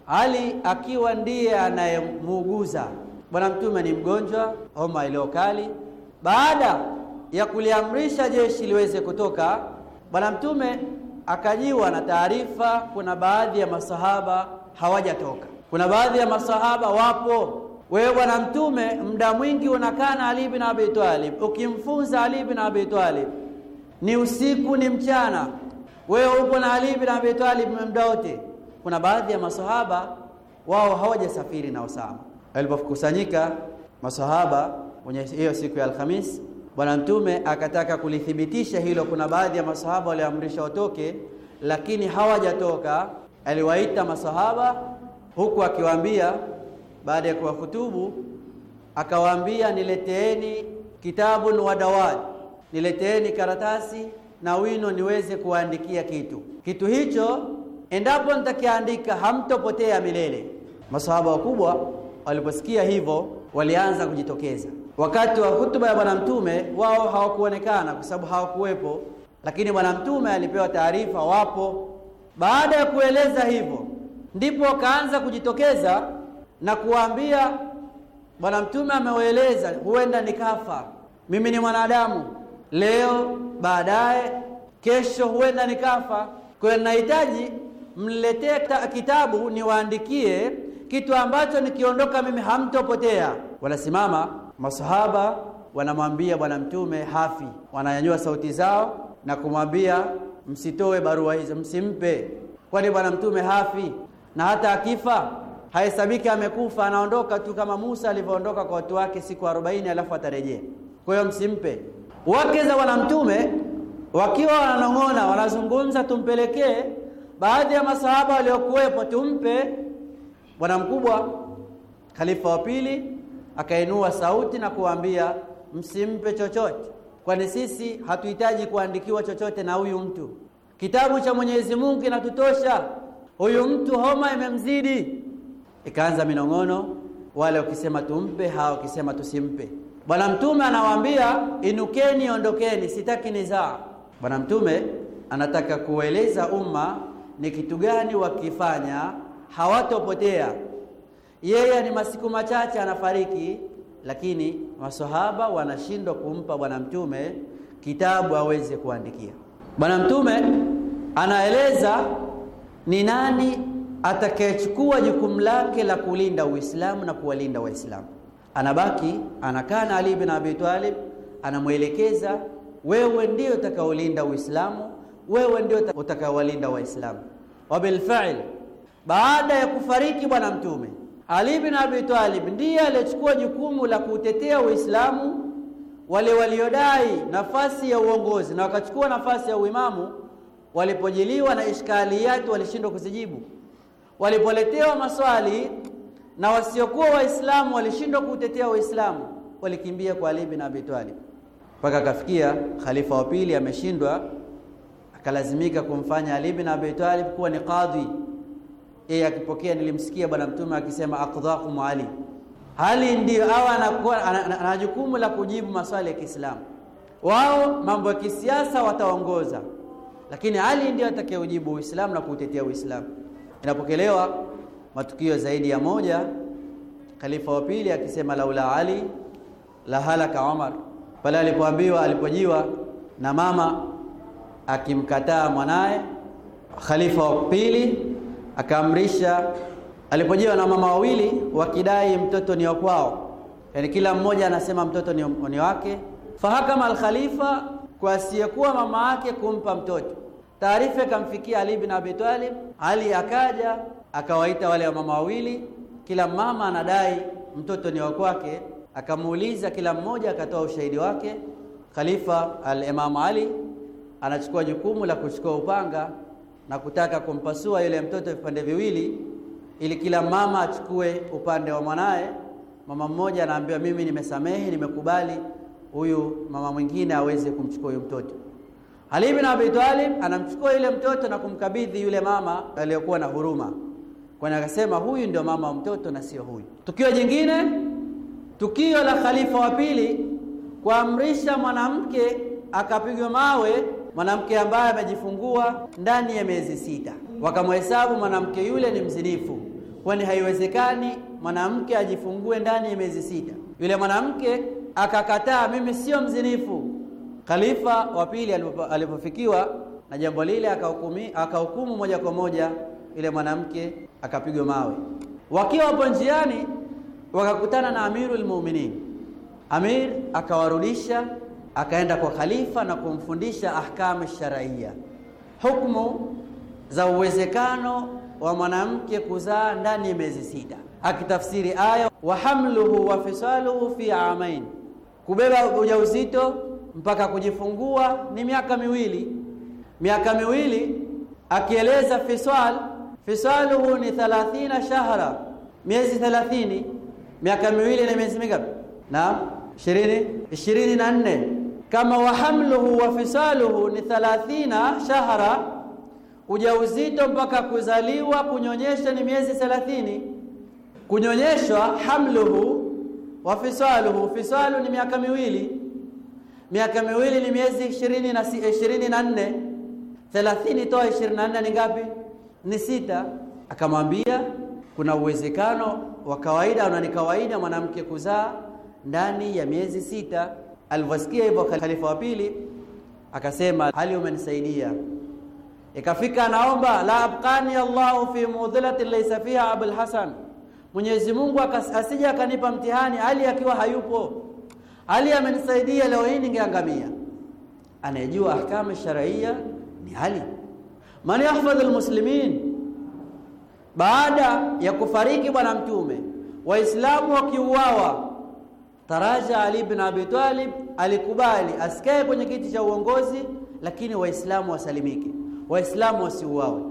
ali akiwa ndiye anayemuuguza Bwana Mtume ni mgonjwa homa iliyo kali. Baada ya kuliamrisha jeshi liweze kutoka, Bwana Mtume akajiwa na taarifa, kuna baadhi ya masahaba hawajatoka, kuna baadhi ya masahaba wapo. Wewe Bwana Mtume, muda mwingi unakaa na Ali bin Abi Talib, ukimfunza Ali bin Abi Talib ni usiku ni mchana, wewe uko na Ali bin Abi Talib muda wote kuna baadhi ya masahaba wao hawajasafiri na Usama. Walipokusanyika masahaba kwenye hiyo siku ya Alhamis, Bwana Mtume akataka kulithibitisha hilo. Kuna baadhi ya masahaba walioamrisha watoke, lakini hawajatoka. Aliwaita masahaba huku akiwaambia, baada ya kuwahutubu akawaambia, nileteeni kitabun wa dawad, nileteeni karatasi na wino niweze kuwaandikia kitu. Kitu hicho endapo nitakiandika hamtopotea milele. Masahaba wakubwa waliposikia hivyo walianza kujitokeza. Wakati wa hutuba ya Bwana Mtume wao hawakuonekana kwa sababu hawakuwepo, lakini Bwana Mtume alipewa taarifa wapo. Baada ya kueleza hivyo, ndipo wakaanza kujitokeza na kuwaambia, Bwana Mtume ameueleza, huenda nikafa mimi, ni mwanadamu leo, baadaye kesho, huenda nikafa, kwa hiyo ninahitaji mletee kitabu niwaandikie kitu ambacho nikiondoka mimi hamtopotea. Wanasimama masahaba wanamwambia Bwana Mtume hafi, wananyanyua sauti zao na kumwambia msitoe barua hizo, msimpe, kwani Bwana Mtume hafi, na hata akifa hahesabiki amekufa, anaondoka tu kama Musa alivyoondoka kwa watu wake siku arobaini alafu atarejea. Kwa hiyo msimpe. Wake za Bwana Mtume wakiwa wananong'ona, wanazungumza tumpelekee baadhi ya masahaba waliokuwepo, tumpe bwana mkubwa khalifa wa pili, akainua sauti na kuambia, msimpe chochote, kwani sisi hatuhitaji kuandikiwa chochote na huyu mtu. Kitabu cha Mwenyezi Mungu kinatutosha, huyu mtu homa imemzidi. Ikaanza minong'ono, wale wakisema tumpe, hawa wakisema tusimpe. Bwana Mtume anawaambia inukeni, ondokeni, sitaki nizaa. Bwana Mtume anataka kueleza umma ni kitu gani wakifanya hawatopotea. Yeye ni masiku machache anafariki, lakini maswahaba wanashindwa kumpa Bwana Mtume kitabu aweze kuandikia. Bwana Mtume anaeleza ni nani atakayechukua jukumu lake la kulinda Uislamu na kuwalinda Waislamu. Anabaki anakaa na Ali bin Abi Talib, anamwelekeza wewe ndio utakaolinda Uislamu wewe ndio utakawalinda Waislamu. Wabilfaili, baada ya kufariki Bwana Mtume, Ali bin Abi Talib ndiye aliyechukua jukumu la kuutetea Uislamu wale waliodai nafasi ya uongozi na wakachukua nafasi ya uimamu walipojiliwa na ishkaliyati walishindwa kuzijibu, walipoletewa maswali na wasiokuwa Waislamu walishindwa kuutetea Uislamu, walikimbia kwa Ali bin Abi Talib mpaka akafikia khalifa wa pili ameshindwa kalazimika kumfanya Ali ibn Abi Talib kuwa ni qadhi. Yeye akipokea, nilimsikia bwana mtume akisema aqdhakum Ali. hali ndio awa anakuwa ana jukumu la kujibu maswali ya Kiislamu. Wao mambo ya kisiasa wataongoza, lakini Ali ndio atakayeujibu Uislamu na kuutetea Uislamu. Inapokelewa matukio zaidi ya moja, khalifa wa pili akisema laula Ali la halaka Umar, pale alipoambiwa alipojiwa na mama akimkataa mwanaye. Khalifa wa pili akaamrisha, alipojiwa na mama wawili wakidai mtoto ni wa kwao, kila mmoja anasema mtoto ni, ni wake. Fahakama alkhalifa kwa asiyekuwa mama yake kumpa mtoto. Taarifa ikamfikia Ali bin Abi Talib. Ali akaja akawaita wale wamama wawili, kila mama anadai mtoto ni wa kwake, akamuuliza kila mmoja, akatoa ushahidi wake. Khalifa al-Imam Ali anachukua jukumu la kuchukua upanga na kutaka kumpasua yule mtoto vipande viwili, ili kila mama achukue upande wa mwanaye. Mama mmoja anaambiwa, mimi nimesamehe, nimekubali, huyu mama mwingine aweze kumchukua huyu mtoto. Ali bin Abi Talib anamchukua yule mtoto na kumkabidhi yule mama aliyokuwa na huruma, kwani akasema huyu ndio mama wa mtoto na sio huyu. Tukio jingine, tukio la khalifa wa pili kuamrisha mwanamke akapigwa mawe mwanamke ambaye amejifungua ndani ya miezi sita, wakamhesabu mwanamke yule ni mzinifu, kwani haiwezekani mwanamke ajifungue ndani ya miezi sita. Yule mwanamke akakataa, mimi sio mzinifu. Khalifa wa pili alipofikiwa na jambo lile, akahukumu moja kwa moja, yule mwanamke akapigwa mawe. Wakiwa hapo njiani, wakakutana na Amirul Mu'minin. Amir akawarudisha akaenda kwa khalifa na kumfundisha ahkamu sharia, hukumu za uwezekano wa mwanamke kuzaa ndani ya miezi sita, akitafsiri aya wa hamluhu wa fisaluhu fi amain, kubeba ujauzito mpaka kujifungua ni miaka miwili, miaka miwili, akieleza fisal fisaluhu ni thalathina shahra, miezi thalathini, miaka miwili na miezi mingapi? ishirini na nne kama wa hamluhu wa fisaluhu ni 30 shahra, ujauzito mpaka kuzaliwa, kunyonyesha ni miezi 30. Kunyonyeshwa hamluhu wa fisaluhu, fisalu ni miaka miwili, miaka miwili ni miezi 20 na 24. 30 toa 24 ni ngapi? Ni sita. Akamwambia kuna uwezekano wa kawaida na ni kawaida mwanamke kuzaa ndani ya miezi sita. Alivyosikia hivyo khalifa wa pili akasema, hali umenisaidia. Ikafika anaomba la abqani Allahu fi mudhilati laysa fiha Abul Hasan, Mwenyezi Mungu asije akanipa mtihani hali akiwa hayupo. hali amenisaidia, leo hii ningeangamia. Anayejua ahkamu sharia ni Ali. Man yahfadhu almuslimin baada ya kufariki Bwana Mtume, Waislamu wakiuawa Taraja Ali ibn Abi Talib alikubali asikae kwenye kiti cha uongozi, lakini Waislamu wasalimike, Waislamu wasiuawe.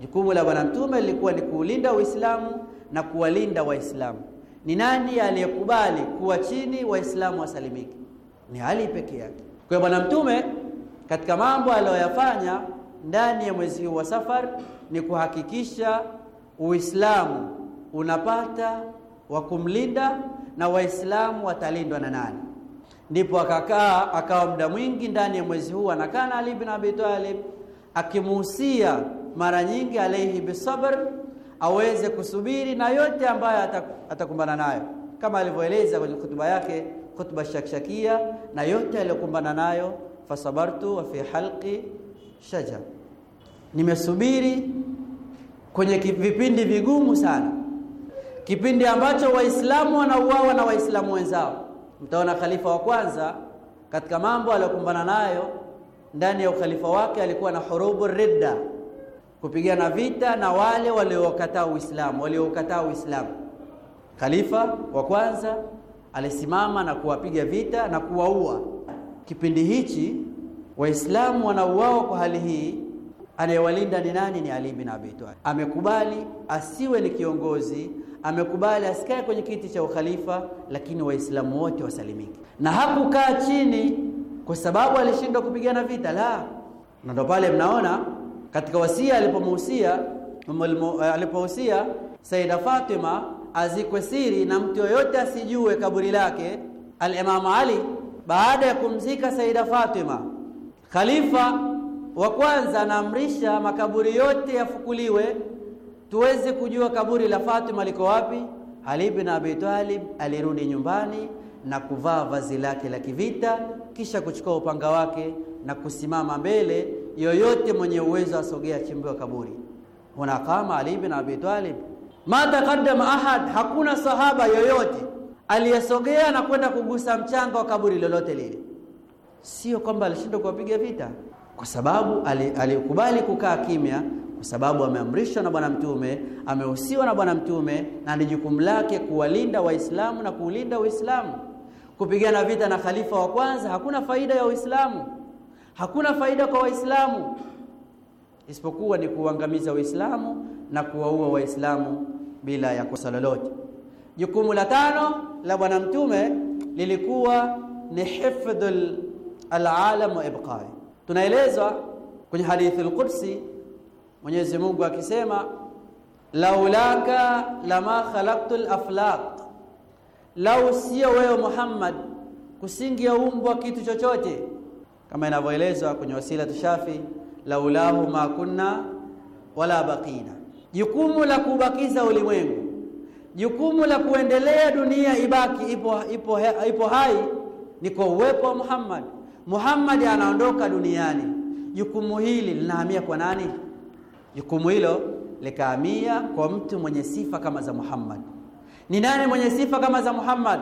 Jukumu la Bwana Mtume lilikuwa ni kuulinda Uislamu na kuwalinda Waislamu. Ni nani aliyekubali kuwa chini Waislamu wasalimike? Ni Ali peke yake. Kwa hiyo Bwana Mtume katika mambo aliyoyafanya ndani ya mwezi huu wa Safar ni kuhakikisha Uislamu unapata wa kumlinda na Waislamu watalindwa na nani? Ndipo akakaa akawa muda mwingi ndani ya mwezi huu anakaa na Ali ibn Abi Talib akimuhusia mara nyingi alaihi bisabr, aweze kusubiri na yote ambayo atakumbana nayo, kama alivyoeleza kwenye hotuba yake, hotuba shakshakia, na yote aliyokumbana nayo, fasabartu wa fi halqi shajar, nimesubiri kwenye vipindi vigumu sana kipindi ambacho Waislamu wanauawa na Waislamu wenzao. Mtaona khalifa wa kwanza katika mambo aliyokumbana nayo ndani ya ukhalifa wake alikuwa na hurubu ridda, kupigana vita na wale waliokataa Uislamu, waliokataa Uislamu. Khalifa wa kwanza alisimama na kuwapiga vita na kuwaua. Kipindi hichi Waislamu wanauawa kwa hali hii, anayewalinda ni nani? Ni Ali bin Abi Talib. Amekubali asiwe ni kiongozi amekubali asikae kwenye kiti cha ukhalifa, lakini Waislamu wote wasalimike. Na hakukaa chini kwa sababu alishindwa kupigana vita, la. Na ndo pale mnaona katika wasia alipomhusia eh, alipohusia Saida Fatima azikwe siri na mtu yoyote asijue kaburi lake. Al-Imam Ali baada ya kumzika Saida Fatima, khalifa wa kwanza anaamrisha makaburi yote yafukuliwe tuweze kujua kaburi la Fatima liko wapi. Ali ibn Abi Talib alirudi nyumbani na kuvaa vazi lake la kivita, kisha kuchukua upanga wake na kusimama mbele, yoyote mwenye uwezo asogea achimbiwa kaburi. Huna kama Ali ibn Abi Talib ma taqaddama ahad, hakuna sahaba yoyote aliyesogea na kwenda kugusa mchanga wa kaburi lolote lile. Sio kwamba alishindwa kuwapiga vita, kwa sababu alikubali kukaa kimya kwa sababu ameamrishwa na Bwana Mtume, amehusiwa na Bwana Mtume, na ni jukumu lake kuwalinda Waislamu na kuulinda Uislamu. Kupigana vita na khalifa wa kwanza hakuna faida ya Uislamu, hakuna faida kwa Waislamu isipokuwa ni kuuangamiza Uislamu na kuwaua Waislamu bila ya kosa lolote. Jukumu la tano la Bwana Mtume lilikuwa ni hifdhul alalam wa ibqai. Tunaelezwa kwenye hadithi al-Qudsi Mwenyezi Mungu akisema laulaka lama khalaqtul aflaq, lau sio wewe Muhammad kusingeumbwa kitu chochote, kama inavyoelezwa kwenye wasila tushafi laulahu ma kunna wala baqina. Jukumu la kubakiza ulimwengu, jukumu la kuendelea dunia ibaki ipo, ipo, ipo hai ni kwa uwepo wa Muhammad. Muhammad anaondoka duniani, jukumu hili linahamia kwa nani? Jukumu hilo likaamia kwa mtu mwenye sifa kama za Muhammad. Ni nani mwenye sifa kama za Muhammad?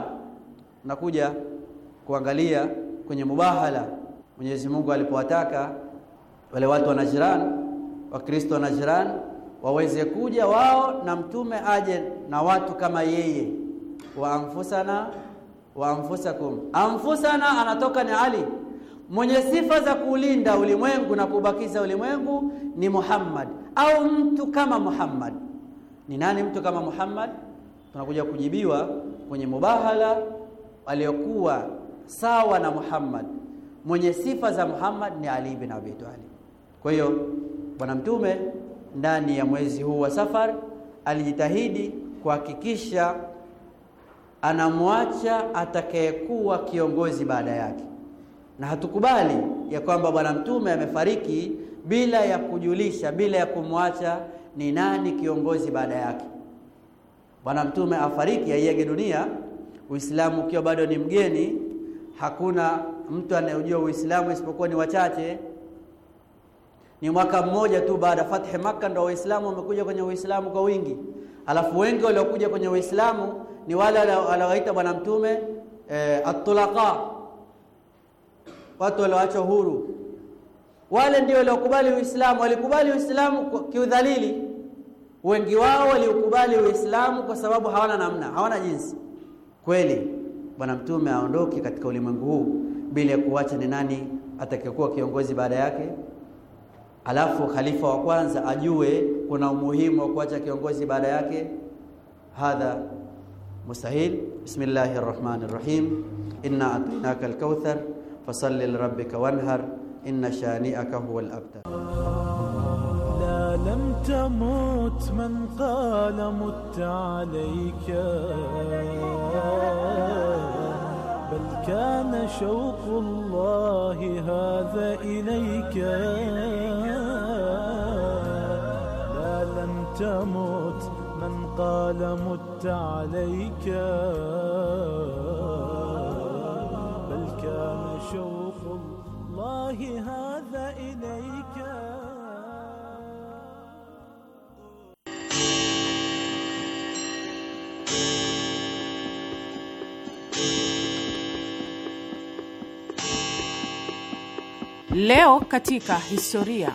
Nakuja kuangalia kwenye mubahala, Mwenyezi Mungu alipowataka wale watu wa Najran, Wakristo wa Najran waweze kuja wao na mtume aje na watu kama yeye, wa anfusana wa anfusakum. Anfusana anatoka ni Ali mwenye sifa za kuulinda ulimwengu na kuubakiza ulimwengu ni Muhammad au mtu kama Muhammad. Ni nani mtu kama Muhammad? Tunakuja kujibiwa kwenye mubahala aliyokuwa sawa na Muhammad. Mwenye sifa za Muhammad ni Ali bin Abi Talib. Kwa hiyo Bwana Mtume ndani ya mwezi huu wa Safar alijitahidi kuhakikisha anamwacha atakayekuwa kiongozi baada yake na hatukubali ya kwamba bwana mtume amefariki bila ya kujulisha, bila ya kumwacha ni nani kiongozi baada yake. Bwana mtume afariki, aiage dunia, Uislamu ukiwa bado ni mgeni. Hakuna mtu anayejua Uislamu isipokuwa ni wachache. Ni mwaka mmoja tu baada ya fathi Makka ndio Waislamu wamekuja kwenye Uislamu kwa wingi, alafu wengi waliokuja kwenye Uislamu ni wale waliowaita bwana mtume e, atulaka watu walioachwa huru. Wale ndio waliokubali Uislamu, walikubali Uislamu kiudhalili. Wengi wao waliukubali Uislamu kwa sababu hawana namna, hawana jinsi. Kweli Bwana Mtume aondoke katika ulimwengu huu bila ya kuacha ni nani atakayekuwa kiongozi baada yake, alafu khalifa wa kwanza ajue kuna umuhimu wa kuacha kiongozi baada yake, hadha mustahil. Bismillahir rahmanir rahim, inna atainaka alkauthar فصل لربك وانهر إن شانئك هو الأبتر لا لم تموت من قال مت عليك بل كان شوق الله هذا إليك لا لم تموت من قال مت عليك بل كان شوق الله هذا إليك Leo katika historia.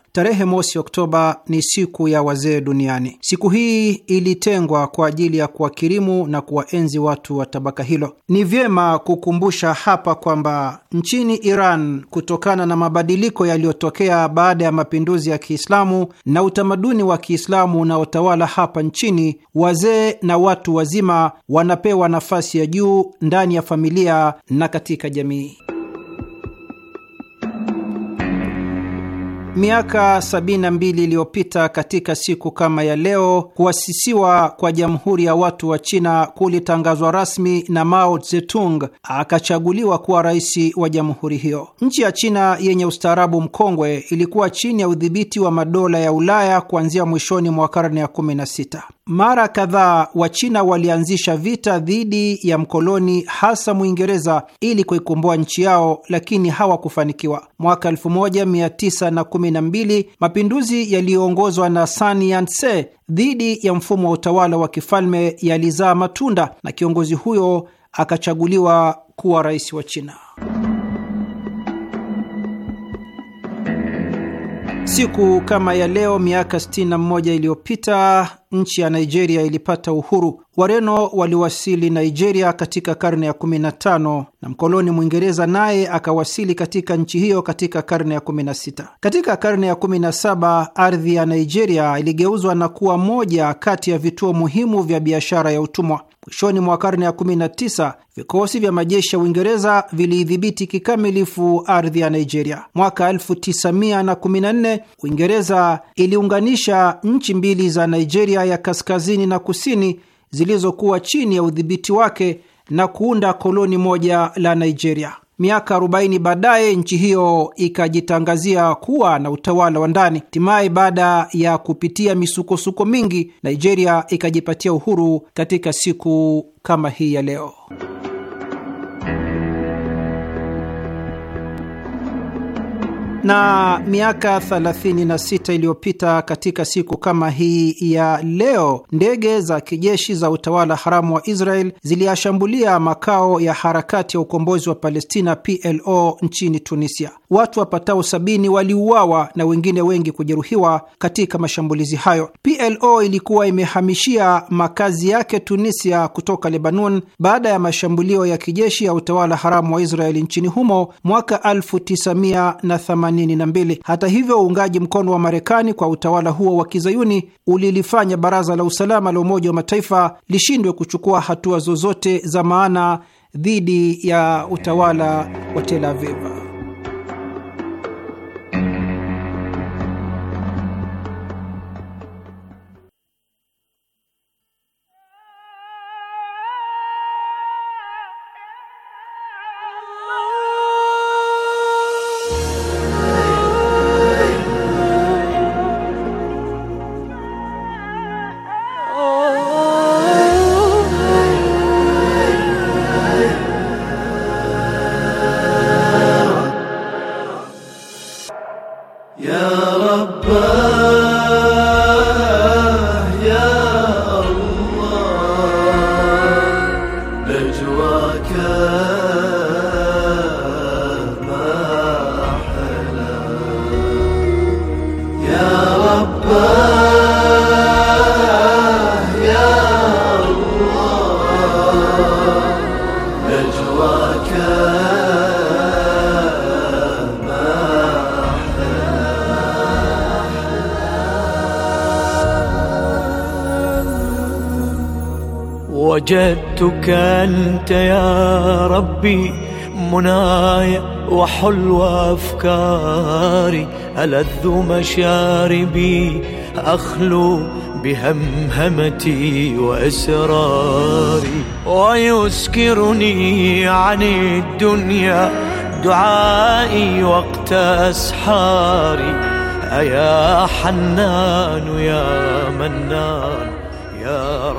Tarehe mosi Oktoba ni siku ya wazee duniani. Siku hii ilitengwa kwa ajili ya kuwakirimu na kuwaenzi watu wa tabaka hilo. Ni vyema kukumbusha hapa kwamba nchini Iran, kutokana na mabadiliko yaliyotokea baada ya mapinduzi ya Kiislamu na utamaduni wa Kiislamu unaotawala hapa nchini, wazee na watu wazima wanapewa nafasi ya juu ndani ya familia na katika jamii. Miaka 72 iliyopita katika siku kama ya leo, kuasisiwa kwa Jamhuri ya Watu wa China kulitangazwa rasmi na Mao Zedong akachaguliwa kuwa rais wa jamhuri hiyo. Nchi ya China yenye ustaarabu mkongwe ilikuwa chini ya udhibiti wa madola ya Ulaya kuanzia mwishoni mwa karne ya 16. Mara kadhaa Wachina walianzisha vita dhidi ya mkoloni hasa Mwingereza ili kuikomboa nchi yao, lakini hawakufanikiwa. Mwaka 12 mapinduzi yaliyoongozwa na Sun Yat-sen dhidi ya mfumo wa utawala wa kifalme yalizaa matunda na kiongozi huyo akachaguliwa kuwa rais wa China. Siku kama ya leo miaka 61 iliyopita nchi ya Nigeria ilipata uhuru. Wareno waliwasili Nigeria katika karne ya 15 na mkoloni Mwingereza naye akawasili katika nchi hiyo katika karne ya 16. Katika karne ya 17 ardhi ya Nigeria iligeuzwa na kuwa moja kati ya vituo muhimu vya biashara ya utumwa. Mwishoni mwa karne ya 19 vikosi vya majeshi ya Uingereza viliidhibiti kikamilifu ardhi ya Nigeria. Mwaka 1914 Uingereza iliunganisha nchi mbili za Nigeria Asia ya kaskazini na kusini zilizokuwa chini ya udhibiti wake na kuunda koloni moja la Nigeria. Miaka 40 baadaye nchi hiyo ikajitangazia kuwa na utawala wa ndani. Hatimaye, baada ya kupitia misukosuko mingi, Nigeria ikajipatia uhuru katika siku kama hii ya leo. na miaka 36 iliyopita katika siku kama hii ya leo, ndege za kijeshi za utawala haramu wa Israel ziliyashambulia makao ya harakati ya ukombozi wa Palestina PLO nchini Tunisia. Watu wapatao sabini waliuawa na wengine wengi kujeruhiwa katika mashambulizi hayo. PLO ilikuwa imehamishia makazi yake Tunisia kutoka Lebanon baada ya mashambulio ya kijeshi ya utawala haramu wa Israel nchini humo mwaka 1980. 82. Hata hivyo, uungaji mkono wa Marekani kwa utawala huo wa kizayuni ulilifanya Baraza la Usalama la Umoja wa Mataifa lishindwe kuchukua hatua zozote za maana dhidi ya utawala wa Tel Aviv. وجدتك أنت يا ربي مناي وحلو أفكاري ألذ مشاربي أخلو بهمهمتي وإسراري ويسكرني عن الدنيا دعائي وقت أسحاري أيا حنان يا منان